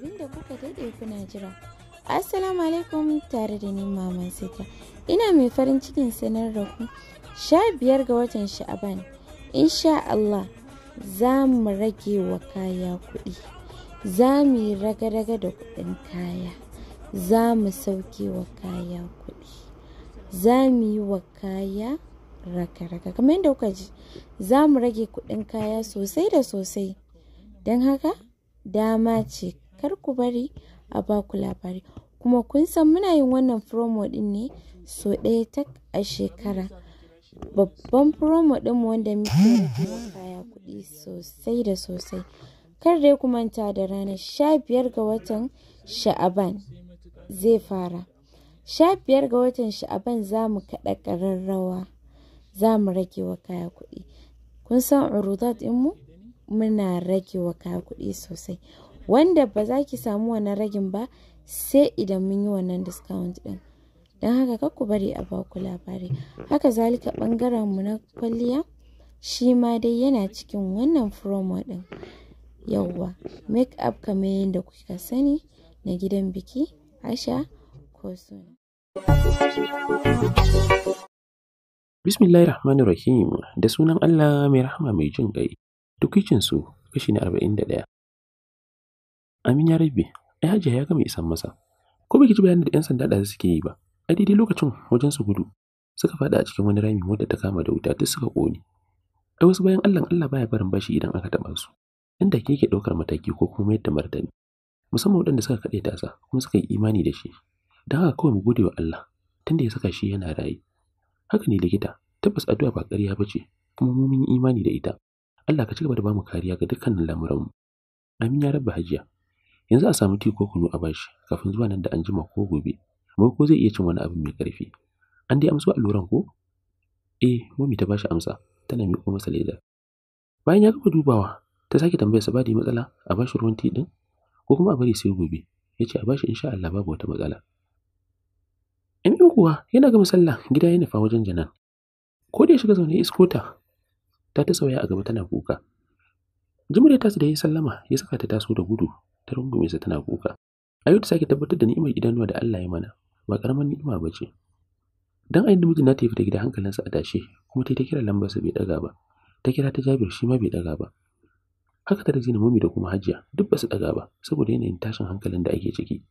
abinda kuka daɗe kuna jira. Assalamu alaikum tare da ni Maman Sita. Ina mai farin cikin sanar da ku sha biyar ga watan Sha'aban. Insha Allah za mu rage wa kaya kuɗi. Za mu yi raga-raga da kuɗin kaya. Za mu sauke wa kaya kuɗi. Za mu yi wa kaya raka-raka, Kamar yadda kuka ji, za mu rage kuɗin kaya sosai da sosai. Don haka, dama ce kar ku bari a baku ku labari kuma kun san muna yin wannan promo din ne so ɗaya tak a shekara babban promo ɗinmu wanda muke rage kaya kuɗi sosai da sosai kar dai ku manta da ranar sha biyar ga watan sha'aban zai fara sha biyar ga watan sha'aban za mu kaɗa ƙararrawa za mu rage wa kaya kuɗi kun san urudat mu muna rage wa kaya kuɗi sosai wanda ba za ki samu wannan ragin ba sai idan mun yi wannan discount din don haka ka ku bari a baku labari haka zalika bangaren mu na kwalliya shi ma dai yana cikin wannan promo din yauwa make up kamar yadda kuka sani na gidan biki asha ko suna Bismillahir Rahmanir Rahim da sunan Allah mai rahama mai jin ƙai. Tukicinsu kashi na 41. Amin ya rabbi, ai hajiya ya gama isan masa. Ko baki ji bayanin da 'yan sanda da suke yi ba, a daidai lokacin wajen su gudu suka faɗa a cikin wani rami wanda ta kama da wuta duk suka kone. Ai wasu bayan Allah Allah baya barin bashi idan aka taɓa su, inda ke yake ɗaukar mataki ko kuma yadda martani. Musamman waɗanda suka kaɗe tasa kuma suka yi imani da shi. Don haka kawai mu gode wa Allah tunda ya saka shi yana raye. Haka ne likita, tabbas addu'a ba ƙarya ba ce kuma mu mun yi imani da ita. Allah ka cigaba da bamu kariya ga dukkanin lamuranmu. Amin ya rabba hajiya. yanzu a samu tiko ko kunu a bashi kafin zuwa nan da an jima ko gobe mai ko zai iya cin wani abu mai karfi an dai amso alluran ko eh mami ta bashi amsa tana miƙo masa leda bayan ya gama dubawa ta sake tambayar sa ba da matsala a bashi ruwan ti din ko kuma a bari sai gobe ya ce a bashi insha Allah babu wata matsala in yi kuwa yana ga sallah gida ya nufa wajen janan ko da ya shiga zaune iskota ta ta sauya a gaba tana kuka jimre ta su da yi sallama ya saka ta taso da gudu ta rungume sa tana kuka ayo ta sake tabbatar da ni'imar idanuwa da Allah ya mana ba ƙaramin ni'ima ba ce dan ayin da na tafi da gida hankalinsa a tashe kuma ta ta kira lambarsa bai daga ba ta kira ta Jabir shi ma bai daga ba haka ta rajina mami da kuma hajiya duk ba su daga ba saboda yanayin tashin hankalin da ake ciki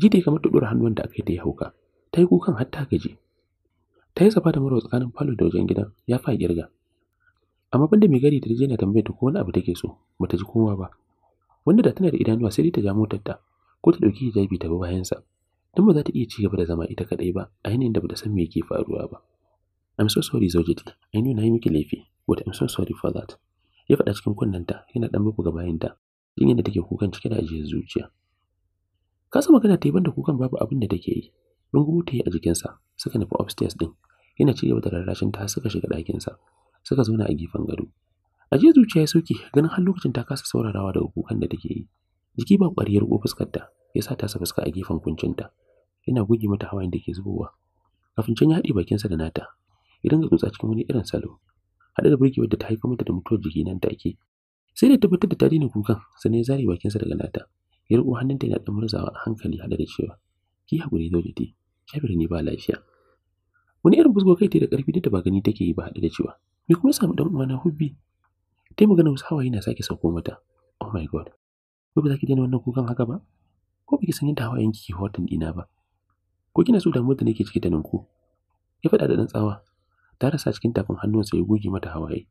jide kamar ta ɗora hannuwan da aka yi ta yi hauka ta yi kukan har ta gaji ta yi safa da murwa tsakanin falo da wajen gidan ya fa girga amma banda mai gari ta je na tambaye ta ko wani abu take so ta ji kowa ba wanda da tana da idanuwa sai dai ta ja motar ta ko ta ɗauki hijabi ta bi bayansa don ba za ta iya ci gaba da zama ita kaɗai ba a yanayin da ba ta san me ke faruwa ba I'm so sorry Zaujati I know na yi miki laifi but I'm so sorry for that ya faɗa cikin kunnenta yana ɗan ga bayanta yin yadda take kukan cike da ajiyar zuciya Ka san magana ta yi banda kukan babu abin da take yi rungumu ta yi a jikinsa suka nufi upstairs ɗin yana ci gaba da rarrashin ta suka shiga ɗakinsa suka zauna a gefen gado Ajiya zuciya ya sauke ganin har lokacin ta kasa saurarawa daga kukan da take yi. Jiki ba ƙwariyar ko fuskarta ya sa ta sa fuska a gefen kuncinta. Yana goge mata hawayen da ke zubowa. Kafin can ya haɗe bakinsa da nata. Ya dinga tsotsa cikin wani irin salo. Haɗe da burgewar da ta haifar mata da mutuwar jiki nan ke. Sai da tabbatar da ta daina kukan sannan ya zare bakinsa daga nata. Ya riƙo hannunta yana ɗan murzawa a hankali haɗe da cewa ki haƙuri zo te. kyabir ne ba lafiya. Wani irin fusgo kai ta da ƙarfi da ba gani take yi ba haɗe da cewa me kuma samu ɗan uwana hubbi dai yi maganar hawaye na sake sauko mata oh my god ko ba za ki daina wannan kukan haka ba ko ba ki san yadda hawayen ki ke hotin dina ba ko kina so damuwar da nake ciki da ninku ya faɗa da ɗan tsawa ta rasa cikin tafin hannunsa ya goge mata hawaye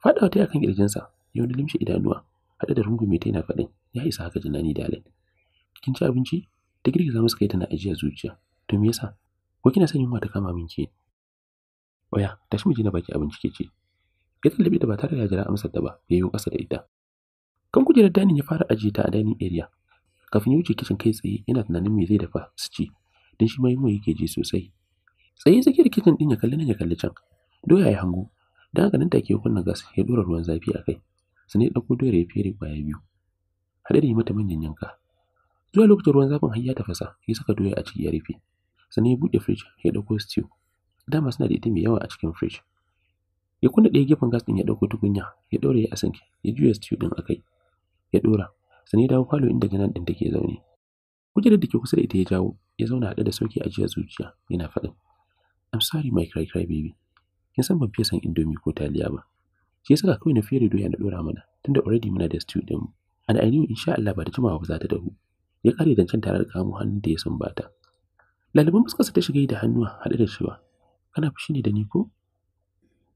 faɗawa ta akan kirjinsa ya wani limshi idanuwa haɗe da rungume ta yana faɗin ya isa haka jinani da alin kin ci abinci ta girgiza masa kai tana ajiya zuciya to me yasa ko kina son yunwa ta kama min ke oya tashi mu je na baki abinci ke ce ya tallabe ta ba tare da jira amsar ta ba ya yi ƙasa da ita kan kujerar danin ya fara ajiye ta a dining area kafin ya wuce kicin kai tsaye yana tunanin me zai dafa su ci don shi mai yunwa yake ji sosai tsaye da kicin din ya kalli nan ya kalli can doya ya hango don haka nan take ya kunna gas ya dora ruwan zafi a kai sannan ya ɗauko doyar ya fere kwaya biyu hada da yi mata manyan yanka zuwa lokacin ruwan zafin har ya tafasa ya saka doya a ciki ya rufe sannan ya buɗe fridge ya ɗauko stew dama suna da ita mai yawa a cikin fridge ya kunna ɗaya gefen gas ɗin ya ɗauko tukunya ya ɗora ya asanke ya juya stew ɗin akai ya ɗora sani dawo falo inda ganan ɗin take zaune kujerar da ke kusa da ita ya jawo ya zauna haɗe da sauki a jiya zuciya yana faɗin I'm sorry my cry cry baby kin san ban fiye san indomie ko taliya ba shi yasa kawai na fere doya na ɗora mana tunda already muna da stew ɗin and I knew insha Allah ba da jimawa ba za ta dahu ya kare zancen tare da kamo hannun da ya sumbata laliban fuskarsa ta shiga da hannuwa haɗe da shiwa. kana fushi ne da ni ko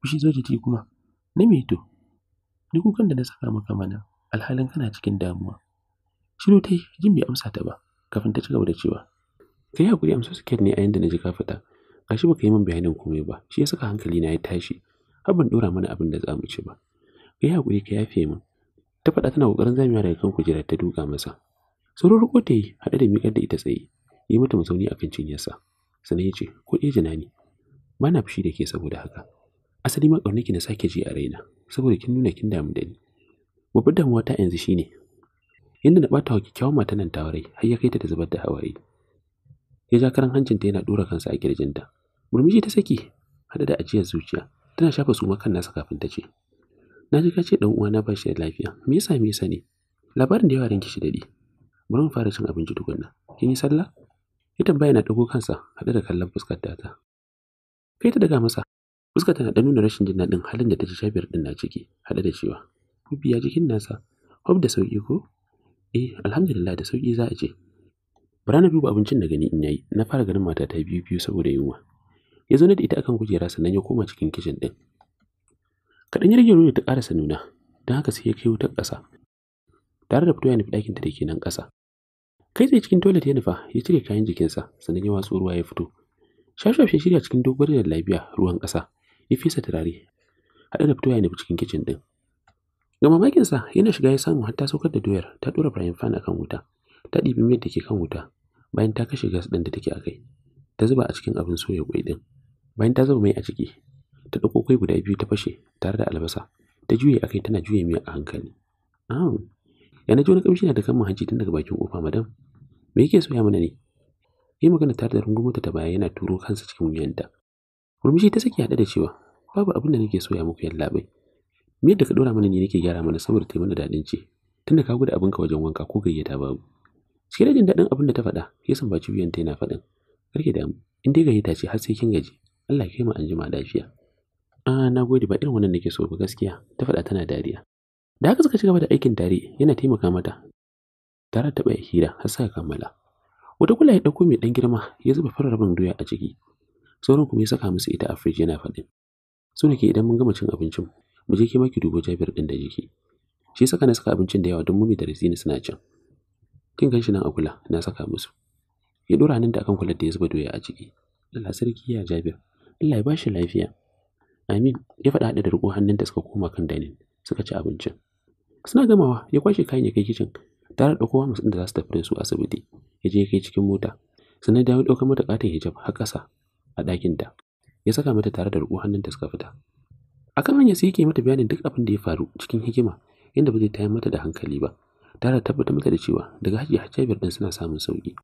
fushi zo ti kuma na me to ni kukan da na saka maka mana alhalin kana cikin damuwa shiru ta yi jin bai amsa ta ba kafin ta cigaba da cewa ka yi hakuri amsa suke ne a yanda na ji ka fita shi baka yi min bayanin komai ba shi ya saka hankali na ya tashi har ban dora mana abin da za mu ci ba ka yi hakuri ka yafe min ta faɗa tana kokarin zamewa daga kan kujera ta duka masa sauran riko ta yi haɗe da miƙar da ita tsaye yi mata mazauni akan cinyarsa sannan ya ce ko ɗaya jina ne ba na fushi da ke saboda haka asali ma ki na sake ji a raina saboda kin nuna kin damu da ni babbar damuwa ta yanzu shine yadda na ɓata wa kyakkyawan mata nan ta har ya kai ta da zubar da hawaye ya ja karan hancinta yana ɗora kansa a kirjinta murmushi ta saki Haɗa da ajiyar zuciya tana shafa su makan nasa kafin ta ce na ji ka ce ɗan uwana ba shi da lafiya me yasa me yasa ne labarin da yawa ranki shi daɗi bari mu fara cin abinci tukunna kin yi sallah ita tambaya na ɗago kansa hada da kallon fuskar ta kai ta daga masa Fuska tana da nuna rashin jin daɗin halin da ta ji shafiyar ɗin na ciki, haɗe da cewa, Hubbi ya jikin nasa, Hub da sauƙi ko? Eh, alhamdulillah da sauƙi za a ce. Bara na duba abincin da gani in yayi, na fara ganin mata ta biyu biyu saboda yunwa. Ya zo na da ita akan kujera sannan ya koma cikin kicin ɗin. Kaɗan ya rage nuna ta ƙarasa nuna, don haka sai ya kai wutar ƙasa. Tare da fito ya nufi ta da ke nan ƙasa. Kai tsaye cikin toilet ya nufa, ya cire kayan jikinsa, sannan ya watsu ruwa ya fito. Shashaf ya shirya cikin dogon da lafiya ruwan ƙasa, ya fisa turare haɗe da fito ya cikin kicin ɗin ga mamakinsa yana shiga ya samu har ta saukar da doyar ta ɗora frying fan akan wuta ta ɗibi miyar da ke kan wuta bayan ta kashe gas ɗin da take a kai ta zuba a cikin abin soya kwai ɗin bayan ta zuba mai a ciki ta ɗauko kwai guda biyu ta fashe tare da albasa ta juye a kai tana juye miya a hankali ahun yana ji wani ƙamshi na da kan hanci tun daga bakin kofa madam me yake soya mana ne yi magana tare da rungumota ta baya yana turo kansa cikin wuyanta Murmushi ta saki haɗe da cewa, babu abin da nake soya muku bai Miyar yadda ka ɗora mana ne nake gyara mana saboda ta yi mana daɗin ce, tunda ka gudu abinka wajen wanka ko gayyata babu. Cike da jin daɗin abin da ta faɗa, ya sambaci ta yana faɗin, karki damu, in dai gayyata ce har sai kin gaji, Allah ya kai mu anjima lafiya. A na gode ba irin wannan nake so ba gaskiya, ta faɗa tana dariya. Da haka suka ci gaba da aikin tare yana taimaka mata. Tara bai hira har ka kammala. Wata kula ya ɗauko mai dan girma ya zuba farar rabin doya a ciki sauran kuma ya saka musu ita a fridge yana faɗin su nake idan mun gama cin abincin mu je ke maki dubo Jabir din da jiki shi saka na saka abincin da yawa don mummy da Rasina suna cin kin ganshi nan a kula na saka musu ya dora nan da akan kular da ya zuba doya a ciki Allah sarki ya Jabir Allah ya ba shi lafiya Amin ya faɗa haɗe da riƙo hannunta suka koma kan danin suka ci abincin suna gamawa ya kwashe kayan ya kai kicin tare da kowa musu da za su tafi da su asibiti ya je ya kai cikin mota sannan dawo ɗaukar mata katin hijab har ƙasa a ɗakinta ya saka mata tare da riƙo hannunta suka fita akan hanya sai yake mata bayanin duk abin da ya faru cikin hikima yadda ba zai tayar mata da hankali ba tare da tabbatar mata da cewa daga hajiya cibiyar ɗin suna samun sauƙi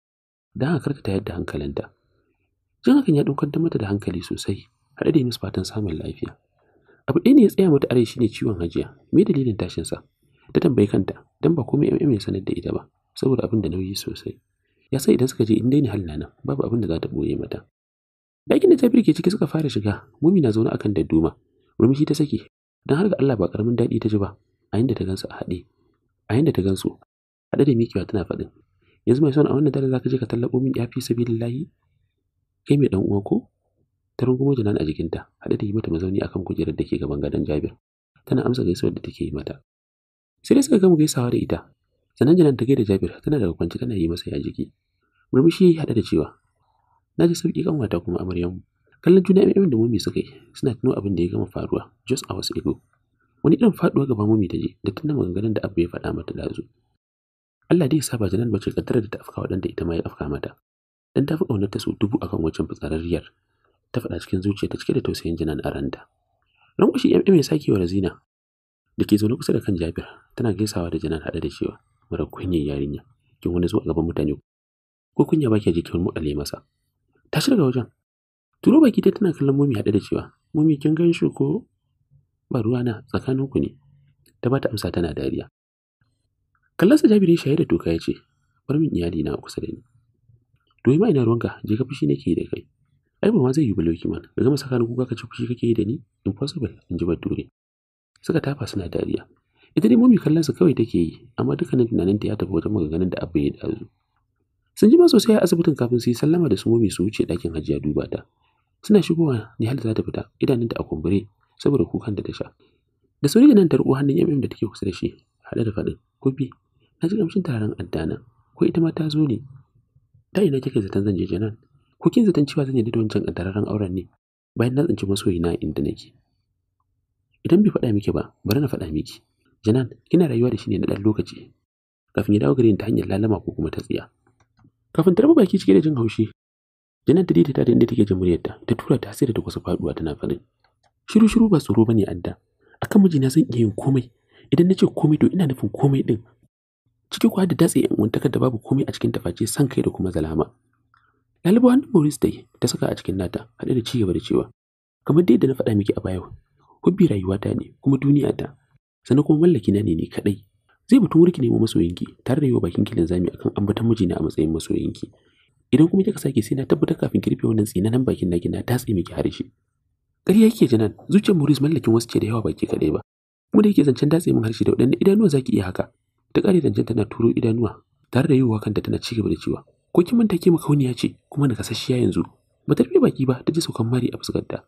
don haka karka tayar da hankalinta jin hakan ya ɗaukar mata da hankali sosai haɗe da yi fatan samun lafiya abu ɗaya ne ya tsaya mata arai shine ciwon hajiya me dalilin tashin sa ta tambayi kanta don ba komai mm ya sanar da ita ba saboda abin da nauyi sosai ya sai idan suka je in daina halina nan babu abin da za ta ɓoye mata Dakin da Jabir ke ciki suka fara shiga, Mumi na zaune akan dadduma. Rumshi ta saki, don har ga Allah ba karamin daɗi ta ji ba, a yanda ta gansu a haɗe. A yanda ta gansu, haɗe da miƙewa tana faɗin. Yanzu mai son a wannan dare za ka je ka tallaɓo min ya fi sabilillahi? Kai mai ɗan uwa ko? Ta rungumo jinan a jikinta, haɗe da yi mata mazauni a kan kujerar da ke gaban gadon Jabir. Tana amsa gaisuwar da take yi mata. Sai dai suka gama gaisawa da ita. Sannan jinan ta gaida Jabir, tana daga kwance tana yi masa ya jiki. Murmushi haɗe da cewa, na ji sauƙi kan wata kuma amaryanmu kallon juna mai da mummy suka yi suna tuno abin da ya gama faruwa just hours ago wani irin faduwa gaba mummy ta je da tunan maganganun da abu ya faɗa mata dazu Allah dai ya saba janan bace kaddara da ta afka ɗanta ita ma ya afka mata dan ta fi ƙaunar ta so dubu akan wancan fitsararriyar ta faɗa cikin zuciya ta cike da tausayin janan a ranta rankwashi mm ya sake wa razina da ke zaune kusa da kan Jabir tana gaisawa da Janan haɗe da cewa mara kunyar yarinya kin wani zuwa gaban mutane ko kunya ke jikin mu masa tashi daga wajen turo baki ta tana kallon mumi haɗe da cewa mumi kin gan shi ko ba ruwa na tsakanin ku ne ta bata amsa tana dariya kallon sa jabiri shaye da toka ya ce bar min iyali na kusa da ni to yi ma ina ruwanka je ka fushi nake da kai ai ba zai yi baloki man ga gama saka kuka ka ci fushi kake yi da ni impossible in ji bature suka tafa suna dariya ita dai mumi kallon sa kawai take yi amma dukkanin tunaninta ya tafi wajen maganganun da abu ya dazu sun ji ba sosai a asibitin kafin su yi sallama da su mai su wuce ɗakin hajiya duba ta suna shigowa ne za ta fita idanunta a kumbure saboda kukan da ta sha da sauri da nan ta riko hannun yamin da take kusa da shi Hada da faɗin kofi na ji kamshin taron addana ko ita ma ta zo ne ta ina kike zaton zan je janan ko kin zaton cewa zan yi da wancan kaddararren auren ne bayan na tsinci masoyina inda nake idan bai faɗa miki ba bari na faɗa miki janan kina rayuwa da shi ne na ɗan lokaci kafin ya dawo gare ta hanyar lalama ko kuma ta tsiya kafin ta baki cike da jin haushi janar ta daidaita da inda take jin ta ta tura ta sai da ta kusa faduwa tana faɗi. shiru shiru ba tsoro bane adda akan mijina zan iya yin komai idan na ce komai to ina nufin komai din ciki kuwa da datse yan uwantakar da babu komai a cikin taface san kai da kuma zalama lalibu hannun maurice dai ta saka a cikin nata haɗe da cigaba da cewa kamar dai da na faɗa miki a baya hubbi rayuwata ne kuma duniya ta sannan kuma mallaki na ne ni kaɗai zai fito wurki nemo masoyinki tare da yi wa bakin kilin zami akan ambatan mijina a matsayin masoyinki idan kuma kika sake sai na tabbatar kafin ki rufe wannan nan bakin naki na tatse miki harshe ƙarya yake janan zuciyar Maurice mallakin wasu ce da yawa baki kaɗai ba kuma da yake zancen datse min harshe da waɗanne idanuwa zaki iya haka ta ƙare zancen tana turo idanuwa tare da yiwuwa kanta tana ci gaba da cewa ko kin manta ke makauniya ce kuma na kasashiya yanzu ba ta baki ba ta ji saukan mari a fuskarta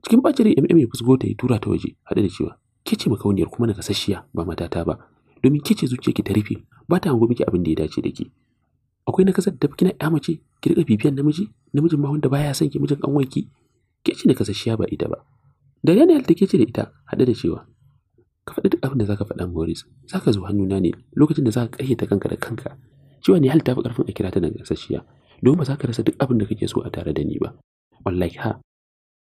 cikin bacin rai mm ya fusgo ta yi tura ta waje haɗe da cewa ke makauniyar kuma na kasashiya ba matata ba domin ke ce zuciyarki ta rufe ba ta hango miki abin da ya dace da ke akwai na kasar da tafi kina ya mace ki rika bibiyan namiji namijin ma wanda baya son ki mijin kanwar ki ke ce na kasashiya ba ita ba da Daniel take ce da ita hada da cewa ka faɗi duk abin da zaka faɗa Morris zaka zo hannuna ne lokacin da zaka ta kanka da kanka cewa ni hal tafi karfin a kira ta da domin ba za ka rasa duk abin da kake so a tare da ni ba wallahi ha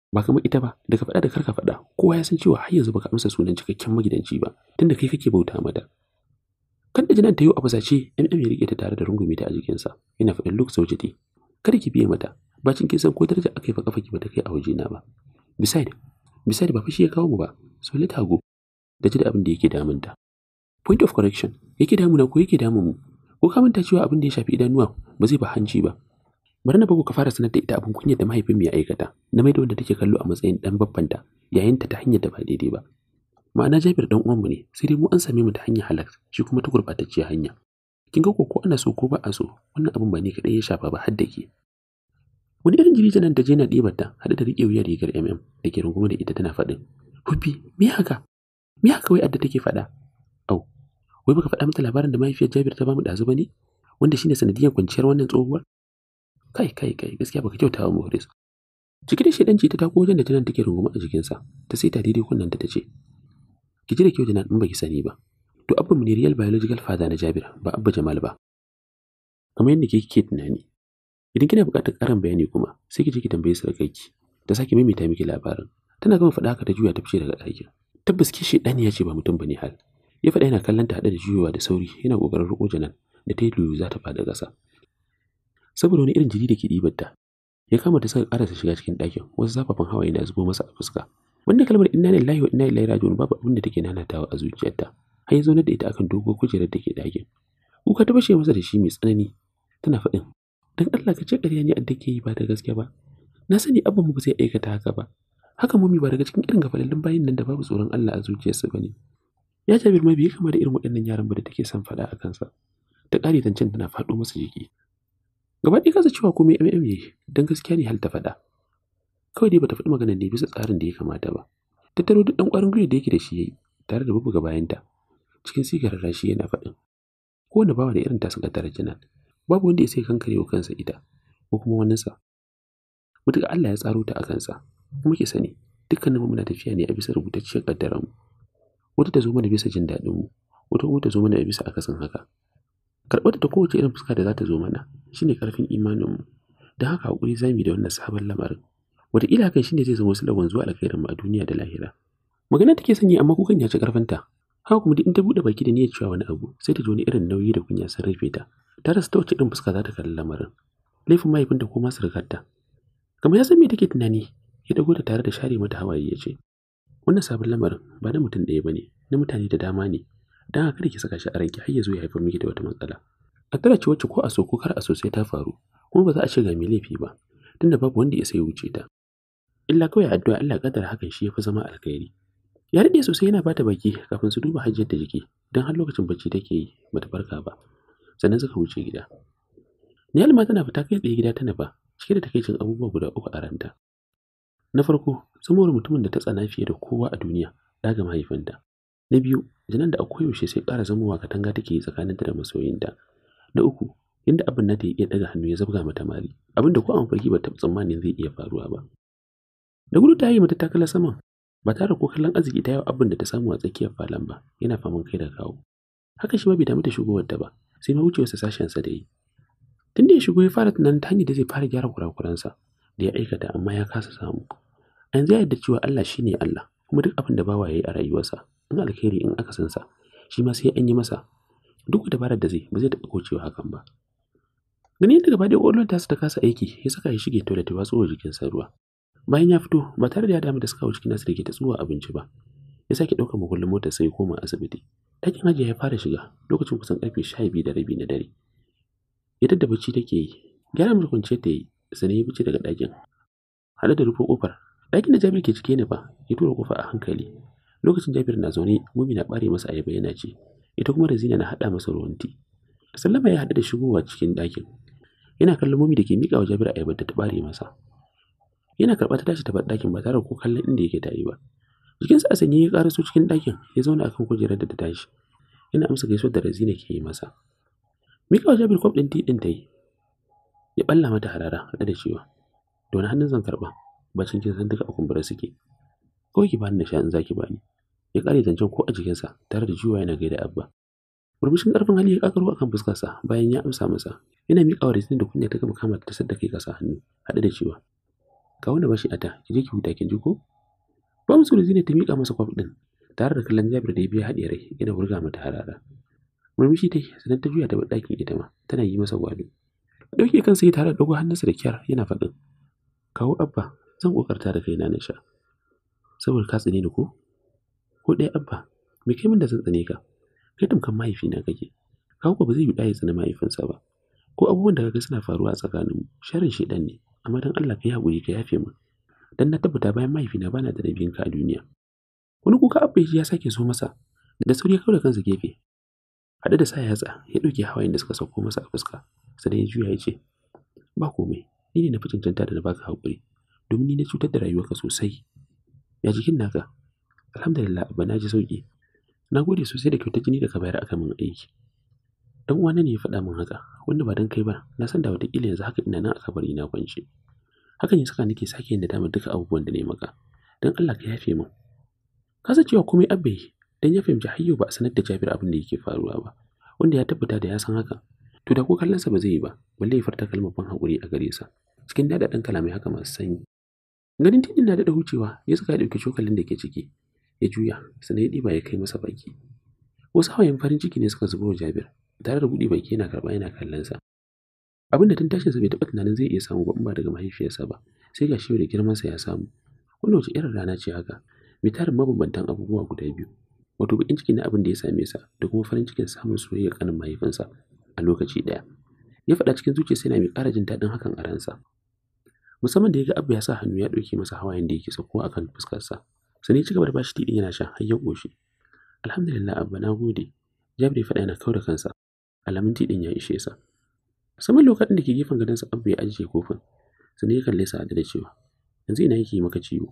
ba kamar ita ba daga faɗa da karka faɗa kowa ya san cewa har yanzu baka amsa sunan cikakken magidanci ba tunda kai kake bauta mata kan da jinan ta yi a fusace ɗan ya rike ta tare da rungume ta a jikinsa yana faɗin look saujati kar ki biye mata ba cin kisan ko daraja aka yi fa kafa ki bata kai a wajena ba beside beside ba fa shi ya kawo mu ba so let her go da ji da abin da yake ta. point of correction yake damuna ko yake damun mu ko ka manta cewa abin da ya shafi idanuwa ba zai ba hanci ba bari na bugu ka fara sanar da ita abin kunya da mahaifin mai aikata na mai da wanda take kallo a matsayin dan ta yayin ta ta hanyar da ba daidai ba ma'ana Jabir dan uwanmu ne sai dai mu an same mu ta hanyar halak shi kuma ta gurbatacce hanya kin ga ko ana so ko ba a so wannan abin ba ne kaɗai ya shafa ba har da ke wani irin jirija nan da je na ɗibar ta haɗe da riƙe wuyar rigar mm da ke rungume da ita tana faɗin hufi me haka me haka wai adda take faɗa au wai baka faɗa mata labarin da mahaifiyar Jabir ta bamu ɗazu ba ne wanda shine sanadiyar kwanciyar wannan tsohuwar kai kai kai gaskiya baka kyauta wa Muhris cikin da shedanci ta tako wajen da tunan take rungume a jikinsa ta sai ta daidai kunnanta ta ce ki ji da kyau na in baki sani ba to abba mu ne real biological father na Jabir ba abba Jamal ba kamar yadda kike tunani idan kina buƙatar ƙarin bayani kuma sai ki je ki tambaye sarkarki ta sake maimaita miki labarin tana gama faɗa haka ta juya ta fice daga ɗakin tabbas kishi ɗani ya ce ba mutum bane hal ya faɗa yana kallon ta haɗe da juyowa da sauri yana ƙoƙarin riƙo janan da ta yi luyu za ta faɗa ƙasa saboda wani irin jiri da ke ɗibar ta ya kama ta saka ƙarasa shiga cikin ɗakin wasu zafafan hawaye na zubo masa a fuska wanda kalmar inna lillahi wa inna ilaihi raji'un babu abin da take nanatawa a zuciyarta har ya zaunar da ita akan dogo kujerar da ke ɗakin kuka ta bashe masa da shi mai tsanani tana faɗin dan Allah ka ce ƙarya ne da ke yi ba da gaske ba na sani abu mu ba zai aikata haka ba haka mi ba daga cikin irin gafalallin bayin nan da babu tsoron Allah a zuciyarsa ne. ya jabir ma bai kama da irin waɗannan yaran ba da take son faɗa a kansa ta ƙare zancen tana faɗo masa jiki gaba ɗaya kasa cewa komai ya yayi dan gaskiya ne hal ta faɗa kawai dai bata faɗi maganar ne bisa tsarin da ya kamata ba tattaro duk ɗan ƙwarin gwiwa da yake da shi yayi tare da bubuga bayanta cikin sigar rashi yana faɗin kowane bawa da irin tasin ƙaddarar jinan babu wanda ya sai kankare wa kansa ita ko kuma waninsa mutuka Allah ya tsaro ta a kansa kuma ki sani dukkanin muna tafiya ne a bisa rubutacciyar ƙaddaran mu wata ta zo mana bisa jin daɗin mu wata kuma ta zo mana a bisa akasin haka karɓar ta kowace irin fuska da za ta zo mana shine ƙarfin imanin mu don haka haƙuri zamu da wannan sabon lamarin wata ila hakan shine zai zama wasu zuwa alkhairin mu a duniya da lahira magana take sanya amma kukan ya ci karfinta haka kuma duk in ta bude baki da niyyar cewa wani abu sai ta ji wani irin nauyi da kunya sun rufe ta ta rasa ta wace irin fuska za ta kalli lamarin laifin mahaifinta ko ma surukarta kamar ya san me take tunani ya dago ta tare da share mata hawaye ya ce wannan sabon lamarin ba na mutum ɗaya ba ne, na mutane da dama ne dan haka da ki saka shi a ranki har ya zo ya haifar miki da wata matsala a tara ce wacce ko a so ko kar a so sai ta faru kuma ba za a ce ga mai laifi ba tunda babu wanda ya sai wuce ta illa kawai addu'a Allah kadar hakan shi fi zama alkhairi ya rade sosai yana bata baki kafin su duba hajjiyar da jiki don har lokacin bacci take yi bata farka ba sannan suka wuce gida Niyal ma tana fita kai tsaye gida tana ba cike da takeicin abubuwa guda uku a ranta na farko samuwar mutumin da ta tsana fiye da kowa a duniya daga mahaifinta na biyu janan da a koyaushe sai ƙara zamowa katanga take yi tsakaninta da masoyinta na uku inda abin na ta iya ɗaga hannu ya zabga mata mari abin da ko an farki ba ta tsammanin zai iya faruwa ba da gudu ta yi mata takala saman ba tare ko kallon arziki ta yi abin da ta samu a tsakiyar falon ba yana faman kai da kawo haka shi ma bai damu da shigowar ta ba sai ma wucewarsa sa da yi tun da ya shigo ya fara tunanin ta hanyar da zai fara gyara kurakuransa da ya aikata amma ya kasa samu a yanzu ya yarda cewa Allah shine Allah kuma duk abin da bawa yi a rayuwarsa in alkhairi in aka san sa shi ma sai an yi masa duk dabarar da zai ba zai taɓa kocewa hakan ba gani yadda gaba da ƙwallon ta ta kasa aiki ya saka ya shige toilet ya watsuwa jikinsa ruwa bayan ya fito ba tare da ya damu da suka wuce kina da ta tsuwa abinci ba ya sake ɗaukar makullin motar sai koma asibiti ɗakin hajiya ya fara shiga lokacin kusan karfe sha biyu da rabi na dare ita da bacci take yi gyara mu kwanciyar ta yi sani ya fice daga ɗakin hada da rufe ƙofar ɗakin da jabir ke cike ne ba ya tura ƙofa a hankali lokacin jabir na zaune mumi na ɓare masa ayaba yana ce ita kuma da zina na haɗa masa ruwan ti sallama ya haɗu da shigowa cikin ɗakin yana kallon mumi da ke miƙa wa jabir ayaba da ta ɓare masa yana karɓa ta tashi ta bar ɗakin ba tare da ko kallon inda yake tayi ba jikinsa a sanye ya ƙara su cikin ɗakin ya zauna akan kujerar da ta tashi yana amsa gaisuwar da razina ke yi masa mika wa jabir kwaf ɗin ɗin ta yi ya ɓalla mata harara haɗe da cewa da wani hannun zan karɓa bacin kin san duka a kumbura suke ko ki bani na sha in zaki bani ya ƙare zancen ko a jikinsa tare da juwa yana gaida abba murmushin ƙarfin hali ya a akan fuskarsa bayan ya amsa masa yana miƙa wa da kunya ta gama kama ta sadda kai ƙasa hannu haɗe da cewa ka wanda bashi ata ki je ki huta ki ji ko babu zina ta mika masa kwaf din tare da kallon jabir da ya biya haɗe rai yana burga mata harara murmushi ta ke sannan ta juya ta ita ma tana yi masa gwalo ɗauke kansa ya tare da dogo hannunsa da kyar yana faɗin kawo abba zan ƙoƙarta da kaina na sha saboda ka tsane ni ko ko ɗaya abba me kai min da zan tsine ka kai tamkan mahaifina kake kawo ba zai yi ɗaya tsane mahaifinsa ba ko abubuwan da kaga suna faruwa a tsakaninmu sharin shaidan ne amma dan Allah ka yi haƙuri ka yafe min dan na tabbata bayan mahaifina bana da ka a duniya wani kuka abba ya sake so masa da sauri ya kawo kansa gefe haɗe da sa yatsa ya ɗauke hawayen da suka sauko masa a fuska sannan ya juya ya ce ba komai ni ne na fi cancanta da na baka hakuri, domin ni na cutar da rayuwarka sosai ya jikin naka alhamdulillah abba na ji sauƙi. na gode sosai da kyautar jini da ka bayar aka min aiki dan wani ne ya faɗa min haka wanda ba dan kai ba na san da wataƙila yanzu haka ina nan a kabari na kwance haka ne saka nake sake yin da dama duka abubuwan da na yi maka dan Allah ka yafe min kasa cewa komai abbe dan ya fahimci hayyo ba a sanar da Jabir abin da yake faruwa ba wanda ya tabbata da ya san haka to da ko kallonsa ba zai yi ba balle ya farta kalmar ban haƙuri a gare sa cikin dada dan kalamai haka masu sanyi ganin Tinin na daɗa hucewa ya saka ya ɗauki cokalin da ke ciki ya juya sannan ya ɗiba ya kai masa baki wasu hawayen farin ciki ne suka zubo wa Jabir tare da buɗe baki yana karɓa yana kallon sa abinda tun tashin sa bai taɓa tunanin zai iya samu ba in ba daga mahaifiyarsa ba sai ga shi da girman sa ya samu wannan wace irin rana ce haka mai tarin mabambantan abubuwa guda biyu wato bakin ciki na abin da ya same sa da kuma farin cikin samun soyayya kanin mahaifinsa a lokaci ɗaya ya faɗa cikin zuciyarsa yana mai ƙara jin daɗin hakan a ransa musamman da ya ga abu ya sa hannu ya ɗauke masa hawayen da yake sakkowa akan fuskarsa sani ci gaba da bashi tiɗin yana shan har ya ƙoshi alhamdulillah abba na gode jabri faɗa yana kau da kansa alamun din ya ishe sa saman lokacin da ke gefen gadonsa abu ya ajiye kofin sannan ya kalle sa da cewa yanzu ina yake maka ciwo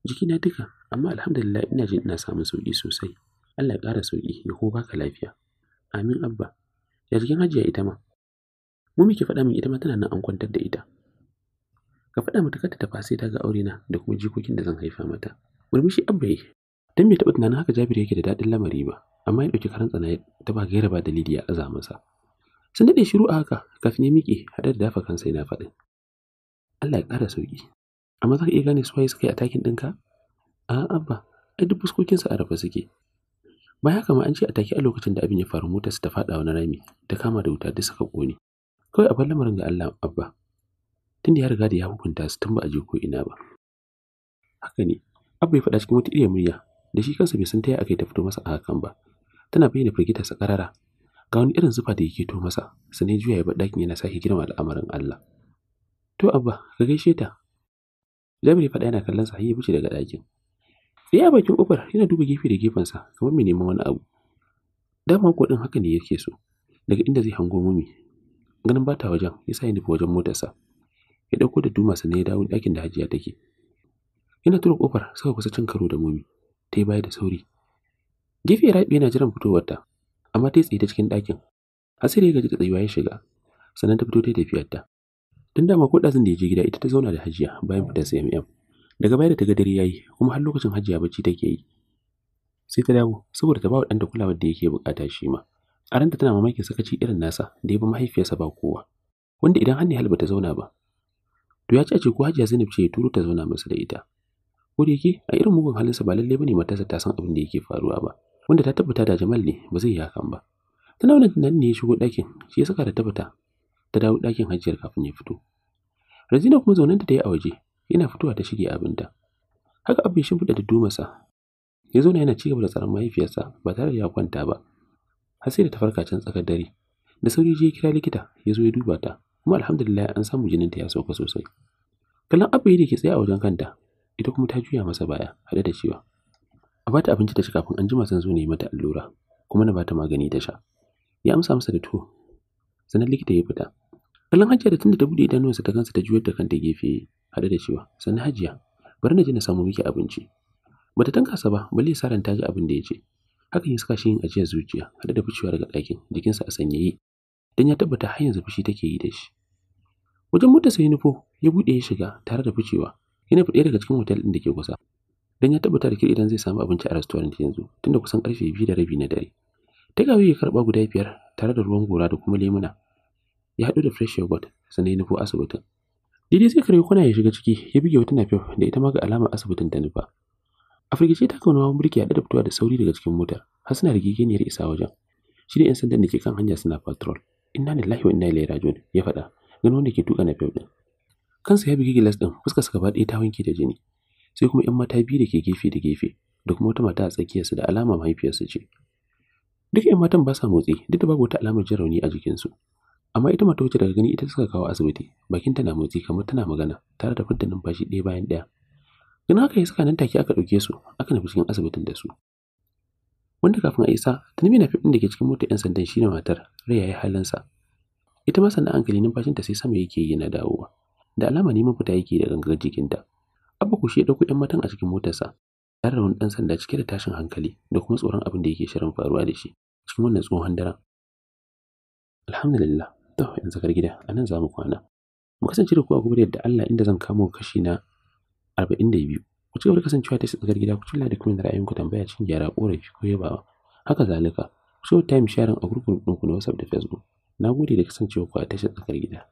Jiki na duka amma alhamdulillah ina jin ina samun sauki sosai Allah ya ƙara sauki ya ko baka lafiya amin abba ya jikin hajiya ita ma mu miki faɗa min ita ma tana nan an kwantar da ita ka faɗa mata ka ta tafasi ta ga aure na da kuma jikokin da zan haifa mata murmushi abba yake. dan bai taɓa tunanin haka Jabir yake da daɗin lamari ba amma ya dauki karan tsana ta ba gaira da dalili ya aza masa sun dade shiru a haka kafin ya miƙe hada da dafa kansa yana faɗin Allah ya ƙara sauki amma za ka iya gane suwaye suka yi atakin ɗinka a abba ai duk fuskokinsa a rafa suke baya ma an ce a take a lokacin da abin ya faru motar ta faɗa wani rami ta kama da wuta duk suka ƙone kawai a bar lamarin ga Allah abba tunda ya riga da ya hukunta su tun ba a je ko ina ba haka ne abba ya faɗa cikin wata iya murya da shi kansa bai san ta yi aka yi ta fito masa a hakan ba tana bayyana sa karara ga wani irin zufa da yake to masa sanai juya ya bar ɗakin yana sake girma al'amarin Allah to abba ka gaishe ta Jabir ya faɗa yana kallon sa ya fice daga ɗakin Ya bakin kofar yana duba gefe da gefen sa kamar mai neman wani abu dama ko din haka ne yake so daga inda zai hango mumi ganin bata wajen ya sa ya nufi wajen motarsa ya ɗauko da duma sani ya dawo ɗakin da hajiya take yana tura ƙofar, suka kusa cin karo da mumi ta yi baya da sauri. Gefe Rabi yana jiran fitowarta, amma ta tsaye ta cikin ɗakin. Asiri ya gaji da tsayuwa ya shiga, sannan ta fito ta tafiyarta. Tun dama ko ɗazin da ya je gida ita ta zauna da Hajiya bayan fitar sa MM. Daga baya da ta ga dare yi kuma har lokacin Hajiya bacci ke yi. Sai ta dawo saboda ta ba wa ɗanta kulawar da yake buƙata shi ma. A ranta tana mamakin sakaci irin nasa da ya bi mahaifiyarsa ba kowa. Wanda idan ya Halba ta zauna ba, to ya ce ko Hajiya Zainab ce ya turo ta zauna masa da ita. ko da yake a irin mugun halinsa ba lallai bane matarsa ta san abin da yake faruwa ba wanda ta tabbata da Jamal ne ba zai yi hakan ba tana nan nan ne ya shigo ɗakin shi ya saka da tabbata ta dawo ɗakin hajjiyar kafin ya fito Razina kuma zaunanta ta yi a waje yana fitowa ta shige abinta haka abin buɗe da dumarsa ya zauna yana cigaba da tsaron mahaifiyarsa ba tare da ya kwanta ba har sai da ta farka can tsakar dare da sauri je kira likita ya zo ya duba ta kuma alhamdulillah an samu jinin ta ya sauka sosai kallon abu da ke tsaye a wajen kanta ita kuma ta juya masa baya haɗe da cewa a bata abinci ta ci kafin an jima zan zo na mata allura kuma na bata magani ta sha ya amsa masa da tuwo sannan likita ya fita kallon hajiya da tunda ta buɗe idanuwansa ta kansa ta juyar da kanta gefe haɗe da cewa sannan hajiya bari na ji na samu miki abinci bata tankasa ba balle saran ta ji abin da ya ce hakan ya saka shi yin ajiyar zuciya haɗe da ficewa daga ɗakin jikinsa a sanyaye don ya tabbata har yanzu fushi take yi da shi wajen mota sai nufo ya buɗe ya shiga tare da ficewa yana nufi daga cikin hotel ɗin da ke kusa Dan ya tabbata da idan zai samu abinci a restaurant yanzu tunda kusan karfe biyu da rabi na dare Ta takeaway ya karba guda biyar tare da ruwan gora da kuma lemuna ya haɗu da fresh yogurt sannan ya nufo asibitin daidai sai kare kuna ya shiga ciki ya buge wata nafiyar da ita ma ga alamar asibitin ta nufa a firgice ta kauna hawan burki da fitowa da sauri daga cikin motar har suna rigigeniyar isa wajen shi da 'yan sandan da ke kan hanya suna patrol inna lillahi wa inna ilaihi rajiun ya faɗa ganin wanda ke tuka nafiyar ɗin kansa ya bugi gilas ɗin sa gaba ɗaya ta wanke da jini sai kuma 'yan mata biyu da ke gefe da gefe da kuma wata mata a su da alama su ce duk 'yan matan ba sa motsi duk da babu wata alamar jin rauni a jikinsu amma ita mata wacce daga gani ita suka kawo asibiti bakin na motsi kamar tana magana tare da fitar numfashi ɗaya bayan ɗaya ganin haka ya saka nan take aka ɗauke su aka nufi cikin asibitin da su wanda kafin a isa tunumi na fiɗin da ke cikin motar 'yan sandan shine matar rai ya yi halinsa ita ma sannan hankali numfashinta sai sama yake yi na dawowa da alama neman fita yake da gangar jikinta abba kushe, ya ɗauko 'yan matan a cikin motarsa tare da wani ɗan sanda cike da tashin hankali da kuma tsoron abin da yake shirin faruwa da shi cikin wannan tsohon daren alhamdulillah to yanzu kar gida a nan za mu kwana mu kasance da ku a gobe da Allah inda zan kamo kashi na arba'in da biyu. ku ci gaba da kasancewa ta tsakar gida ku cilla da kuma ra'ayinku tambaya cin gyara korafi ko yabawa haka zalika ku so time sharing a gurgurun ɗinku na WhatsApp da Facebook na gode da kasancewa ku a tashar tsakar gida